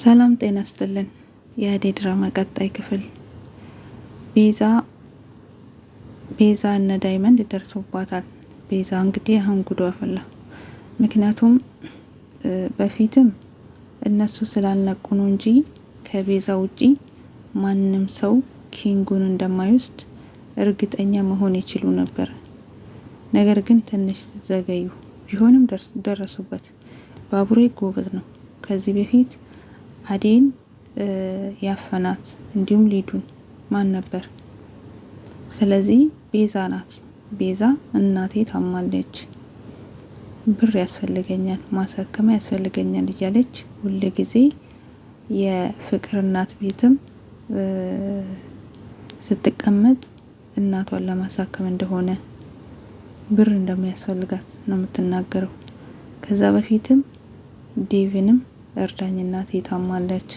ሰላም ጤና ስጥልን የአዴ ድራማ ቀጣይ ክፍል ቤዛ ቤዛ እነ ዳይመንድ ደርሶባታል። ቤዛ እንግዲህ አሁን ጉዶ አፈላ ምክንያቱም በፊትም እነሱ ስላልነቁ ነው እንጂ ከቤዛ ውጪ ማንም ሰው ኪንጉን እንደማይወስድ እርግጠኛ መሆን ይችሉ ነበር። ነገር ግን ትንሽ ዘገዩ። ቢሆንም ደረሱበት። ባቡሬ ጎበዝ ነው። ከዚህ በፊት አዴን ያፈናት እንዲሁም ሊዱን ማን ነበር? ስለዚህ ቤዛ ናት። ቤዛ እናቴ ታማለች፣ ብር ያስፈልገኛል፣ ማሳከማ ያስፈልገኛል እያለች ሁል ጊዜ የፍቅር እናት ቤትም ስትቀመጥ እናቷን ለማሳከም እንደሆነ ብር እንደሚያስፈልጋት ነው የምትናገረው። ከዛ በፊትም ዴቪንም እርዳኝ እናቴ ታማለች፣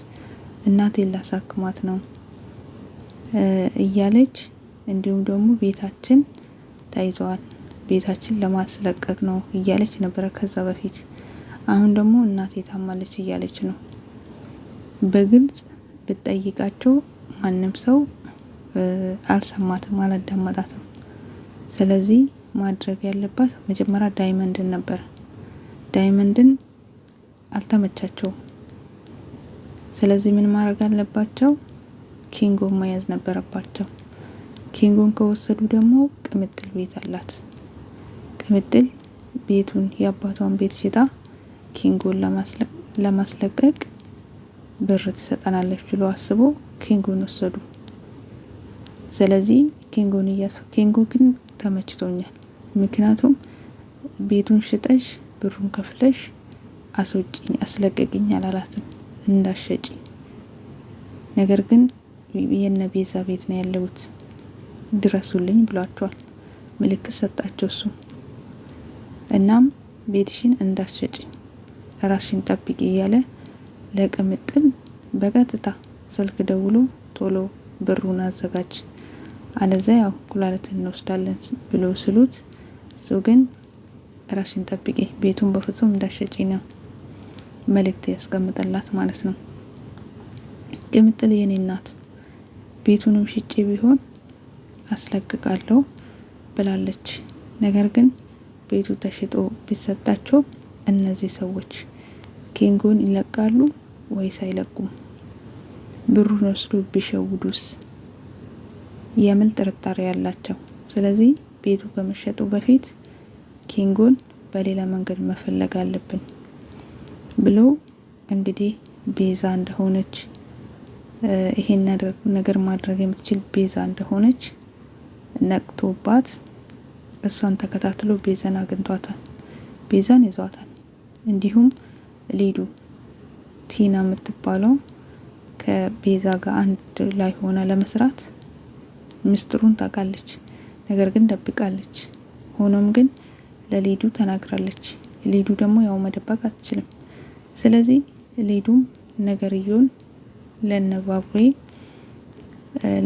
እናቴን ላሳክማት ነው እያለች እንዲሁም ደግሞ ቤታችን ተይዘዋል፣ ቤታችን ለማስለቀቅ ነው እያለች ነበረ ከዛ በፊት። አሁን ደግሞ እናቴ ታማለች እያለች ነው። በግልጽ ብትጠይቃቸው ማንም ሰው አልሰማትም፣ አላዳመጣትም። ስለዚህ ማድረግ ያለባት መጀመሪያ ዳይመንድን ነበር ዳይመንድን አልተመቻቸውም። ስለዚህ ምን ማድረግ አለባቸው? ኪንጎን መያዝ ነበረባቸው። ኪንጎን ከወሰዱ ደግሞ ቅምጥል ቤት አላት። ቅምጥል ቤቱን የአባቷን ቤት ሽጣ ኪንጎን ለማስለቀቅ ብር ትሰጠናለች ብሎ አስቦ ኪንጎን ወሰዱ። ስለዚህ ኪንጎን እያሰው ኪንጎ ግን ተመችቶኛል፣ ምክንያቱም ቤቱን ሽጠሽ ብሩን ከፍለሽ አስወጪኝ አስለቀቅኝ አላላትም እንዳሸጪ። ነገር ግን የነ ቤዛ ቤት ነው ያለሁት ድረሱልኝ ብሏቸዋል። ምልክት ሰጣቸው እሱ። እናም ቤትሽን እንዳሸጪ ራሽን ጠብቂ እያለ ለቅምጥል በቀጥታ ስልክ ደውሎ ቶሎ ብሩን አዘጋጅ አለዛ ያው ኩላለትን እንወስዳለን ብሎ ስሉት እሱ ግን ራሽን ጠብቂ ቤቱን በፍጹም እንዳሸጪ ነው መልእክት ያስቀምጠላት ማለት ነው። ቅምጥል የኔ ናት፣ ቤቱንም ሽጬ ቢሆን አስለቅቃለሁ ብላለች። ነገር ግን ቤቱ ተሽጦ ቢሰጣቸው እነዚህ ሰዎች ኬንጎን ይለቃሉ ወይስ አይለቁም? ብሩን ወስዶ ቢሸውዱስ የሚል ጥርጣሬ ያላቸው። ስለዚህ ቤቱ ከመሸጡ በፊት ኪንጎን በሌላ መንገድ መፈለግ አለብን። ብሎ እንግዲህ ቤዛ እንደሆነች ይሄን ነገር ማድረግ የምትችል ቤዛ እንደሆነች ነቅቶባት እሷን ተከታትሎ ቤዛን አግኝቷታል። ቤዛን ይዟታል። እንዲሁም ሊዱ ቲና የምትባለው ከቤዛ ጋር አንድ ላይ ሆነ ለመስራት ምስጢሩን ታውቃለች። ነገር ግን ደብቃለች። ሆኖም ግን ለሊዱ ተናግራለች። ሊዱ ደግሞ ያው መደበቅ አትችልም። ስለዚህ ሌዱም ነገርየውን ለነባቡሬ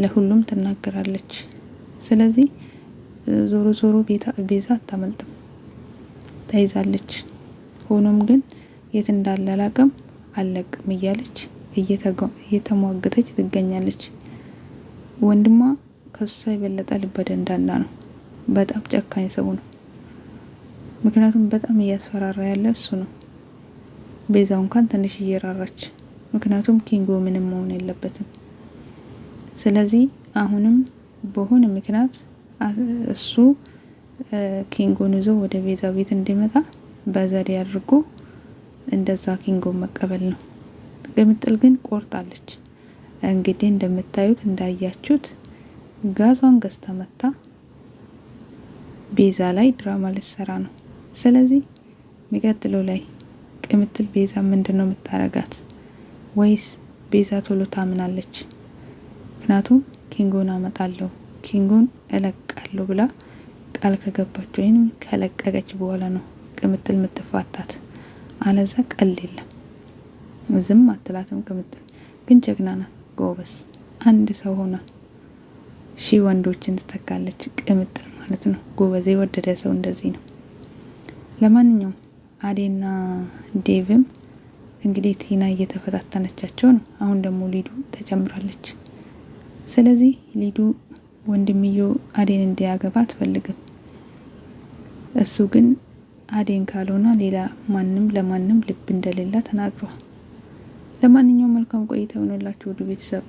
ለሁሉም ትናገራለች። ስለዚህ ዞሮ ዞሮ ቤዛ አታመልጥም፣ ተይዛለች። ሆኖም ግን የት እንዳለ አላቅም አለቅም እያለች እየተሟገተች ትገኛለች። ወንድሟ ከሷ የበለጠ ልበ ደንዳና ነው። በጣም ጨካኝ ሰው ነው። ምክንያቱም በጣም እያስፈራራ ያለ እሱ ነው። ቤዛው እንኳን ትንሽ እየራራች፣ ምክንያቱም ኪንጎ ምንም መሆን የለበትም። ስለዚህ አሁንም በሆነ ምክንያት እሱ ኪንጎን ይዞ ወደ ቤዛ ቤት እንዲመጣ በዘዴ አድርጎ እንደዛ ኪንጎ መቀበል ነው። ቅምጥል ግን ቆርጣለች። እንግዲህ እንደምታዩት እንዳያችሁት ጋዟን ገዝታ መታ ቤዛ ላይ ድራማ ልትሰራ ነው። ስለዚህ የሚቀጥለው ላይ የምትል ቤዛ ምንድን ነው የምታረጋት? ወይስ ቤዛ ቶሎ ታምናለች? ምክንያቱም ኪንጎን አመጣለሁ ኪንጎን እለቃለሁ ብላ ቃል ከገባች ወይም ከለቀቀች በኋላ ነው ቅምትል የምትፋታት። አለዛ ቀል የለም። ዝም አትላትም። ቅምትል ግን ጀግና ናት፣ ጎበስ አንድ ሰው ሆና ሺ ወንዶችን ትተካለች። ቅምጥል ማለት ነው። ጎበዝ። የወደደ ሰው እንደዚህ ነው። ለማንኛውም አዴና ዴቭም እንግዲህ ቲና እየተፈታተነቻቸው ነው። አሁን ደግሞ ሊዱ ተጨምራለች። ስለዚህ ሊዱ ወንድምዮ አዴን እንዲያገባ አትፈልግም። እሱ ግን አዴን ካልሆና ሌላ ማንም ለማንም ልብ እንደሌላ ተናግሯል። ለማንኛውም መልካም ቆይታ ይሆንላችሁ ውድ ቤተሰብ።